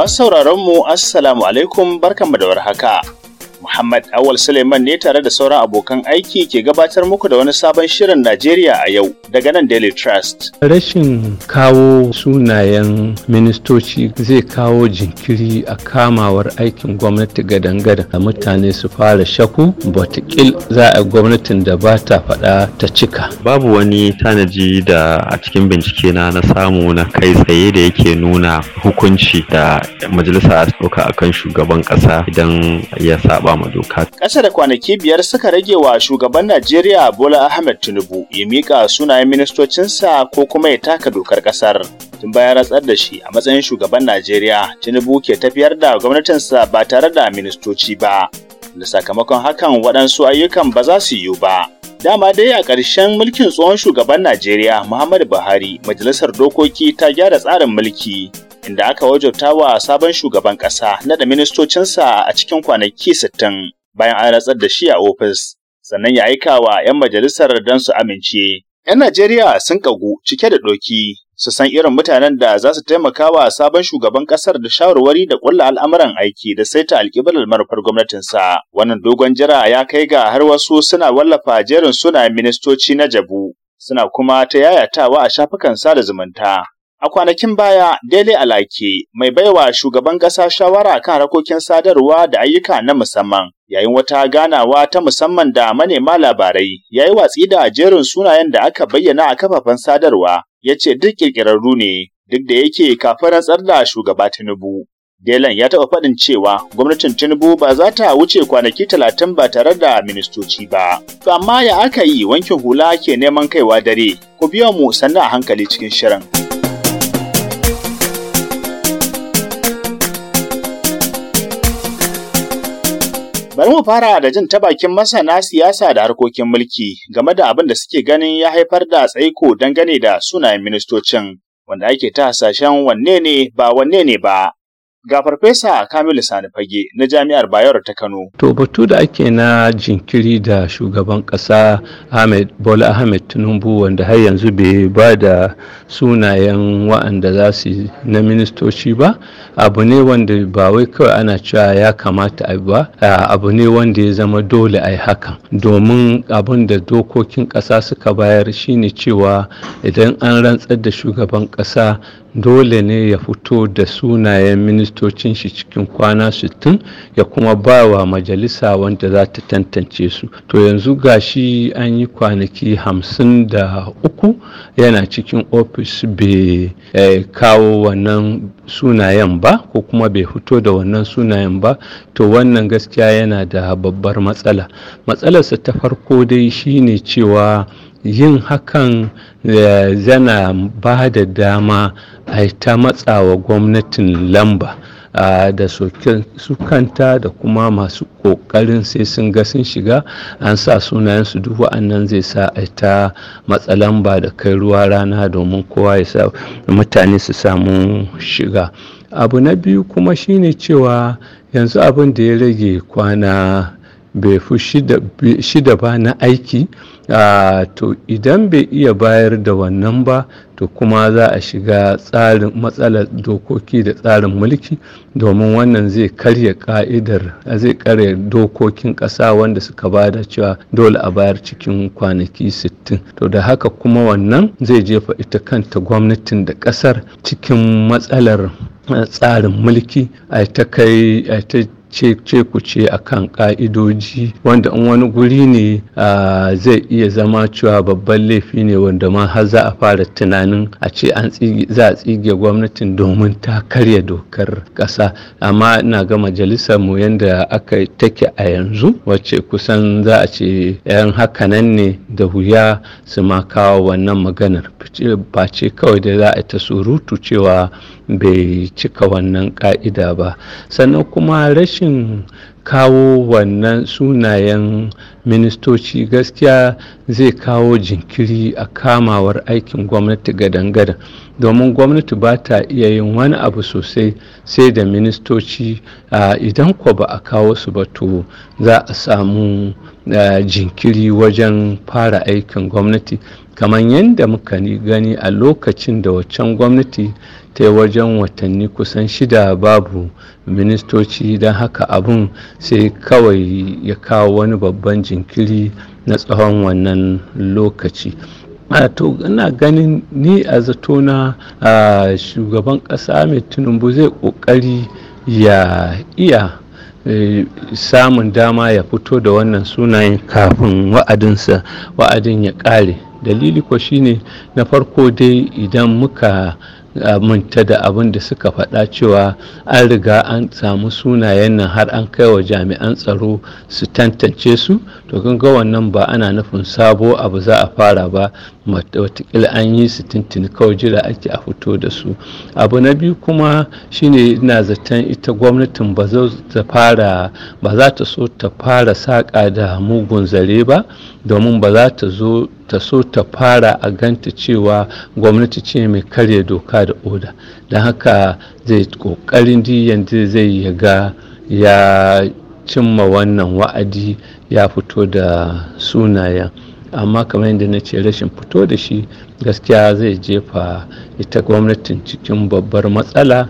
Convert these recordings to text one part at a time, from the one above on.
Masu sauraron Assalamu alaikum barkanmu da warhaka. Ahmad Awal Suleiman ne tare da sauran abokan aiki ke gabatar muku da wani sabon shirin Najeriya a yau daga nan Daily Trust. Rashin kawo sunayen ministoci zai kawo jinkiri a kamawar aikin gwamnati gadan da mutane su fara shaku batakil za a gwamnatin da ba ta faɗa ta cika. Babu wani tanaji da a cikin bincike na na samu na kai tsaye da yake nuna hukunci da majalisa a kan shugaban ƙasa idan ya saba doka. Ƙasa da kwanaki biyar suka rage wa shugaban Najeriya Bola Ahmed Tinubu ya miƙa sunayen ministocinsa ko kuma ya taka dokar ƙasar. Tun bayan ratsar da shi a matsayin shugaban Najeriya, Tinubu ke tafiyar da gwamnatinsa ba tare da ministoci ba. Da sakamakon hakan waɗansu ayyukan ba za su yiwu ba. Dama dai a ƙarshen mulkin tsohon shugaban Najeriya Muhammadu Buhari, Majalisar Dokoki ta gyara tsarin mulki. inda aka wajabta wa sabon shugaban ƙasa naɗa ministocinsa a cikin kwanaki sittin bayan an ratsar da shi a ofis, sannan ya aika wa 'yan majalisar don su amince. 'Yan Najeriya sun kagu cike da ɗoki su san irin mutanen da za su taimaka wa sabon shugaban ƙasar da shawarwari da ƙulla al'amuran aiki da saita alƙiblar manufar gwamnatinsa. Wannan dogon jira ya kai ga har wasu suna wallafa jerin sunayen ministoci na jabu, suna kuma ta yayatawa a shafukan sada zumunta. A kwanakin baya, Dele Alake, mai baiwa shugaban ƙasa shawara kan harkokin sadarwa da ayyuka na musamman, yayin wata ganawa ta musamman da manema labarai, ya yi watsi da jerin sunayen da aka bayyana a kafafen sadarwa, ya ce duk ƙirƙirarru ne, duk da yake kafaran rantsar da shugaba Tinubu. delen ya taɓa faɗin cewa gwamnatin Tinubu ba za ta wuce kwanaki talatin ba tare da ministoci ba. To amma ya aka yi wankin hula ke neman kaiwa dare, ku biyo mu sannan a hankali cikin shirin. Bari mu fara da jin ta bakin masana siyasa da harkokin mulki game da abin da suke ganin ya haifar da tsaiko dangane da sunayen ministocin wanda ake ta hasashen wanne ne ba wanne ne ba. Ga Farfesa Kamilu Sani Fage na Jami'ar Bayero ta Kano. To batu da ake na jinkiri da shugaban ƙasa Ahmed Bola Ahmed Tinubu wanda har yanzu bai ba da sunayen wa'anda za su na ministoci ba, abu ne wanda ba wai kawai ana cewa ya kamata a ba, abu ne wanda ya zama dole a yi hakan. Domin abin da dokokin ƙasa suka bayar shine cewa idan an rantsar da shugaban ƙasa dole ne ya fito da sunayen ministocin shi cikin kwana 60 ya kuma ba wa majalisa wanda za ta tantance su to yanzu ga shi an yi kwanaki 53 yana cikin ofis bai eh, kawo wannan sunayen ba ko kuma bai fito da wannan sunayen ba to wannan gaskiya yana da babbar matsala matsalarsa ta farko dai shine cewa yin hakan eh, yana ba da dama a ta matsawa gwamnatin lamba da su kanta da kuma masu kokarin sai sun ga sun shiga an sa sunayensu duk wa'annan zai sa a ta matsa lamba da kai ruwa rana domin kowa ya sa mutane su samu shiga abu na biyu kuma shine cewa yanzu abin da ya rage kwana bai fi shida ba na aiki to idan bai iya bayar da wannan ba to kuma za a shiga tsarin matsalar dokoki da tsarin mulki domin wannan zai karya ka'idar zai karya dokokin ƙasa wanda suka ba da cewa dole a bayar cikin kwanaki 60 to da haka kuma wannan zai jefa ita kanta gwamnatin da ƙasar cikin matsalar tsarin mulki a ta ce ku ce a kan ka'idoji wanda in wani guri ne zai iya zama cewa babban laifi ne wanda ma har za a fara tunanin a ce an za a tsige gwamnatin domin ta karya dokar ƙasa amma na ga majalisar mu yadda aka take a yanzu wacce kusan za a ce 'yan hakanan ne da wuya su ma kawo wannan maganar ce kawai da za a ta surutu cewa bai cika wannan ka'ida ba sannan kuma rashin kawo wannan sunayen ministoci gaskiya zai kawo jinkiri a kamawar aikin gwamnati gadan-gadan domin gwamnati ba ta iya yin wani abu sosai sai da ministoci idan kwa ba a kawo su ba to za a samu jinkiri wajen fara aikin gwamnati kamar yadda muka gani a lokacin da waccan gwamnati ta yi wajen watanni kusan shida babu ministoci don haka abun sai kawai ya kawo wani babban jinkiri na tsawon wannan lokaci to ina ganin ni a zato zatona shugaban ƙasa mai tinubu zai ƙoƙari ya iya e, samun dama ya fito da wannan sunayen kafin wa'adinsa wa'adin ya ƙare dalili ko shine na farko dai idan muka ah, manta da abin da suka faɗa cewa an riga an samu sunayen nan har an kai wa jami'an tsaro su tantance su to ga wannan ba ana nufin sabo abu za a fara ba watakila an yi su tintini kawai jira ake a fito da su abu na biyu kuma shine ina zaton ita gwamnatin ba ta fara ba za ta so ta fara saƙa da mugun zare ba domin ba za ta zo ta so ta fara a ganta cewa gwamnati ce mai karya doka da oda don haka zai ƙoƙarin yanzu zai yaga ya cimma wannan wa'adi ya fito da sunayen amma kamar yadda na ce rashin fito da shi gaskiya zai jefa ita gwamnatin cikin babbar matsala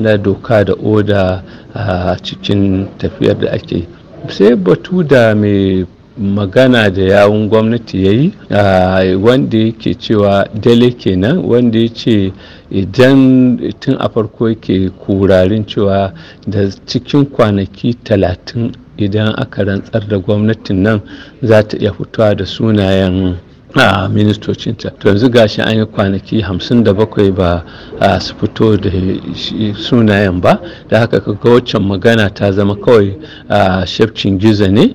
na doka da oda a cikin tafiyar da ake sai batu da mai magana da yawun gwamnati ya yi wanda yake cewa dale kenan wanda ya ce idan tun a farko yake kurarin cewa da cikin kwanaki talatin idan aka rantsar da gwamnatin nan za ta iya fitowa da sunayen a ministocinta to yanzu gashi an yi kwanaki 57 ba a su fito da sunayen ba da haka kaga waccan magana ta zama kawai a shafcin giza ne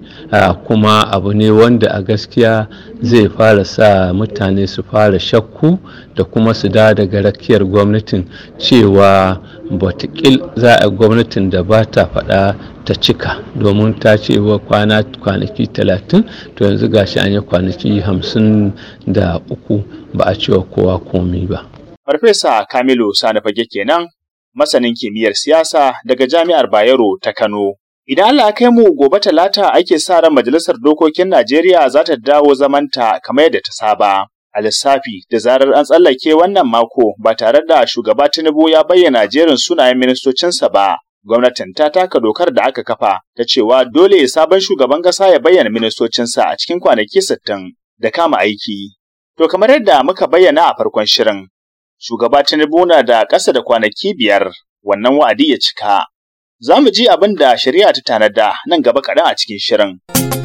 kuma abu ne wanda a gaskiya zai fara sa mutane su fara shakku da kuma su da daga rakiyar gwamnatin cewa batakil za a gwamnatin da ba ta faɗa ta cika domin ta ce wa kwana kwanaki talatin to yanzu gashi an yi kwanaki hamsin da uku ba a cewa kowa komi ba. Farfesa Kamilu Sani Fage kenan masanin kimiyyar siyasa daga Jami'ar Bayero ta Kano. Idan Allah kai mu gobe talata ake sa ran majalisar dokokin Najeriya za ta dawo zamanta kamar yadda ta saba. A lissafi da zarar an tsallake wannan mako ba tare da shugaba Tinubu ya bayyana jerin sunayen ministocinsa ba, gwamnatin ta taka dokar da aka kafa ta cewa dole sabon shugaban ƙasa ya bayyana ministocinsa a cikin kwanaki sittin da kama aiki. To kamar yadda muka bayyana a farkon shirin, shugaba Tinubu na da ƙasa da kwanaki biyar wannan wa'adi ya cika. Za mu ji abin da shari'a ta tanada nan gaba kaɗan a cikin shirin.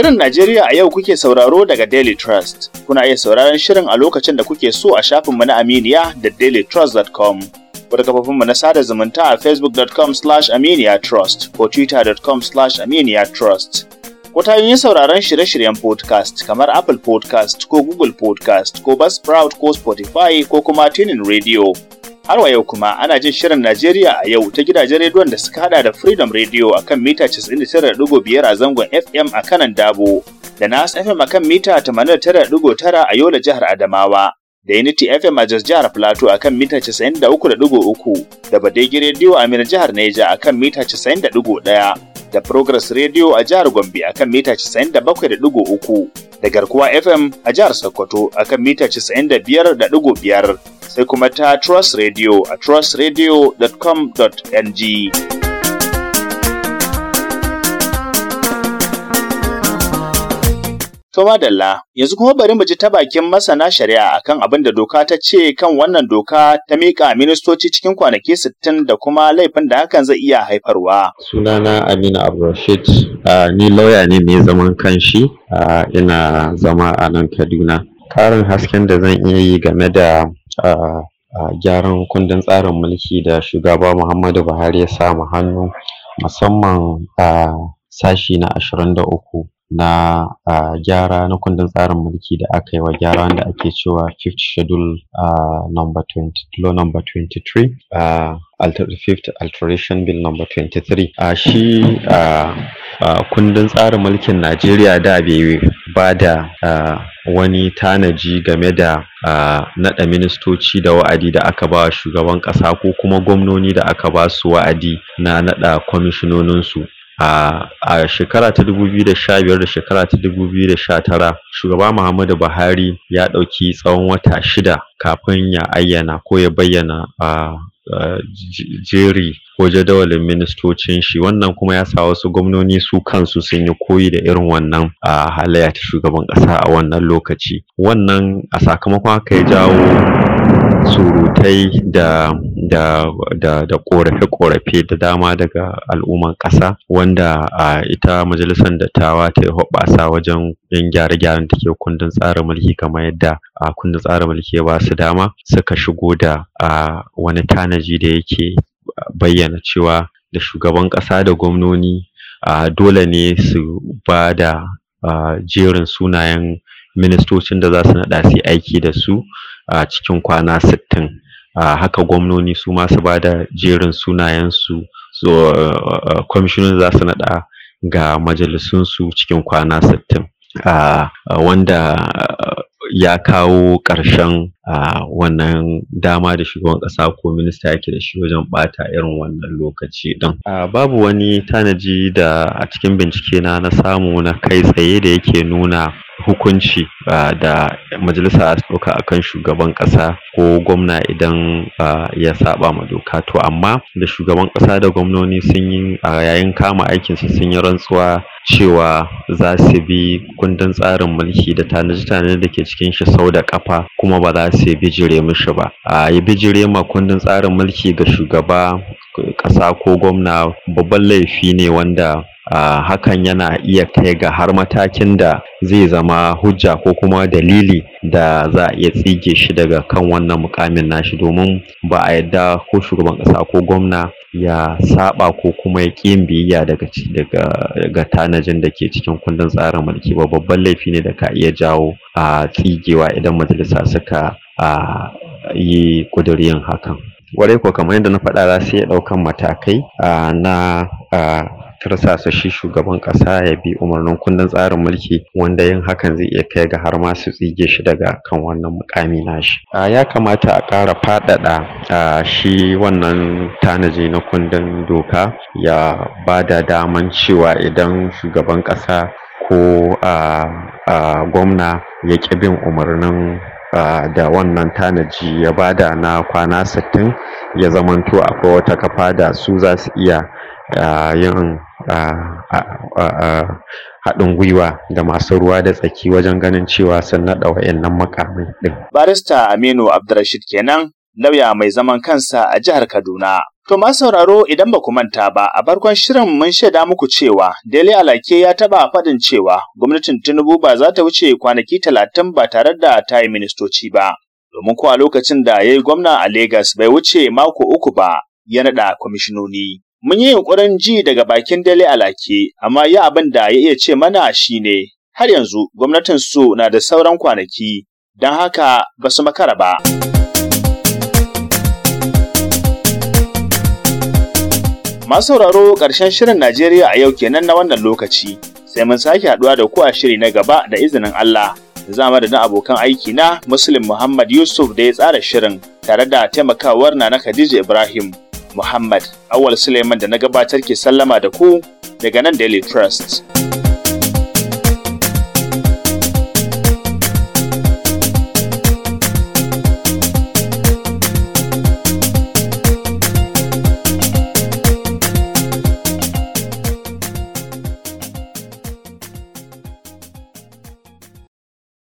Shirin Najeriya a yau kuke sauraro daga Daily Trust. Kuna iya sauraron shirin a lokacin da kuke so a shafinmu na Aminiya da dailytrust.com. Wadda kafofinmu na sada zumunta a facebook.com slash aminiya trust ko twitter.com slash aminiya trust. Ko ta yin sauraron shirye-shiryen podcast kamar Apple podcast ko Google podcast ko Buzzsprout ko Spotify ko kuma Tunin Radio. Har wa yau kuma ana jin shirin Najeriya a yau ta gidajen rediyon da suka hada da Freedom Radio a kan mita 99.5 a zangon FM a kanan Dabo, da Nas FM a kan mita 89.9 a Yola jihar Adamawa, da Unity FM a Jos jihar Plateau a kan mita 93.3, da Badegi Radio a Mina jihar Neja a kan mita 91.1, da Progress Radio a jihar Gombe a kan mita 97.3, da Garkuwa FM a jihar Sokoto a kan mita 95.5 sai kuma ta Trust Radio a trustradio.com.ng. To madalla, yanzu kuma bari mu ji ta bakin masana shari'a akan abin da doka ta ce kan wannan doka ta miƙa ministoci cikin kwanaki sittin da kuma laifin da hakan zai iya haifarwa. Sunana Aminu Abdulrashid, ni lauya ne mai zaman kanshi, ina zama a nan Kaduna. Karin hasken da zan iya yi game da a gyaran kundin tsarin mulki da shugaba Muhammadu Buhari ya sa mu hannu musamman a sashi na ashirin da uku na a gyara na kundin tsarin mulki da aka yi wa gyara wanda ake cewa fifth schedule uh, number 20 law number 23 uh, alter, fifth alteration bill number 23 a shi uh, uh, kundin tsarin mulkin najeriya da bai ba da uh, wani tanaji game da uh, naɗa ministoci da wa'adi da aka ba shugaban ƙasa ko kuma gwamnoni da aka ba su wa'adi na naɗa kwamishinoninsu a shekara ta 2015 da shekara ta 2019 shugaba muhammadu buhari ya ɗauki tsawon wata shida kafin ya ayyana ko ya bayyana a jeri ko jadawalin ministocin shi wannan kuma ya sa wasu gwamnoni su kansu sun yi koyi da irin wannan halayya ta shugaban ƙasa a wannan lokaci wannan a sakamakon haka ya jawo surutai da da da da ƙorafe korafe da dama daga al'umman ƙasa wanda a ita majalisar dattawa ta yi hoɓɓasa wajen yin gyare-gyaren da ke kundin tsarin mulki kamar yadda a kundin tsarin mulki ya ba su dama suka shigo da a wani tanaji da yake bayyana cewa da shugaban ƙasa da gwamnoni a dole ne su ba da jerin sunayen ministocin da za su naɗa su aiki da su a cikin kwana sittin a haka gwamnoni su masu su ba da jerin sunayensu so uh, uh, uh, kwamishinan za su naɗa ga majalisunsu cikin kwana sittin a wanda ya kawo ƙarshen wannan dama da shugaban ƙasa ko minista yake da shi wajen ɓata irin wannan lokaci din. babu wani tanaji da a cikin bincike na na samu na kai tsaye da yake nuna hukunci da majalisa a su ɗauka kan shugaban ƙasa ko gwamna idan ya saba ma doka to amma da shugaban ƙasa da gwamnoni sun yi a yayin kama aikinsu sun yi rantsuwa cewa za su bi kundin tsarin mulki da tanaji-tanaji da ke cikin shi sau da kafa kuma ba za su bijire mishi ba a yi bijire ma kundin tsarin mulki ga shugaba ƙasa ko gwamna babban laifi ne wanda hakan yana iya kai ga har matakin da zai zama hujja ko kuma dalili da za a iya tsige shi daga kan wannan mukamin nashi domin ba a yadda ko shugaban ƙasa ko gwamna ya saba ko kuma ya ƙi biyayya daga daga tanajin da ke cikin kundin tsarin mulki ba babban laifi ne da ka iya jawo a tsigewa idan majalisa suka yi ƙudurin hakan warai ko kamar yadda na faɗa za su iya ɗaukan matakai na tarsa su shi shugaban ƙasa ya bi umarnin kundin tsarin mulki wanda yin hakan zai iya kai ga har ma su tsige shi daga kan wannan mukami nashi ya kamata a ƙara faɗaɗa shi wannan tanaji na kundin doka ya ba da daman cewa idan shugaban ƙasa ko a gwamna ya ƙi bin umarnin da wannan tanaji ya bada na kwana sittin ya zamanto akwai wata kafa da su za su iya yin haɗin gwiwa da masu ruwa da tsaki wajen ganin cewa sun naɗa wa'annan makamai ɗin. Barista Aminu abdulrashid kenan lauya mai zaman kansa a jihar Kaduna. To masu sauraro idan ba ku manta ba a farkon shirin mun shaida muku cewa Dele Alake ya taba faɗin cewa gwamnatin Tinubu ba za ta wuce kwanaki talatin ba tare da ta yi ministoci ba. Domin kuwa lokacin da ya yi gwamna a Legas bai wuce mako uku ba ya naɗa kwamishinoni. Mun yi yunƙurin ji daga bakin Dele Alake amma ya abin da ya iya ce mana shine har yanzu gwamnatin su na da sauran kwanaki don haka ba su makara ba. Masu sauraro ƙarshen shirin Najeriya a yau kenan na wannan lokaci, sai mun sake haɗuwa da ku a shiri na gaba da izinin Allah. Za na abokan aiki na Muslim Muhammad Yusuf da ya tsara shirin tare da taimakawar na na Khadija Ibrahim Muhammad Awal Suleiman da na gabatar ke sallama da ku daga nan Daily Trust.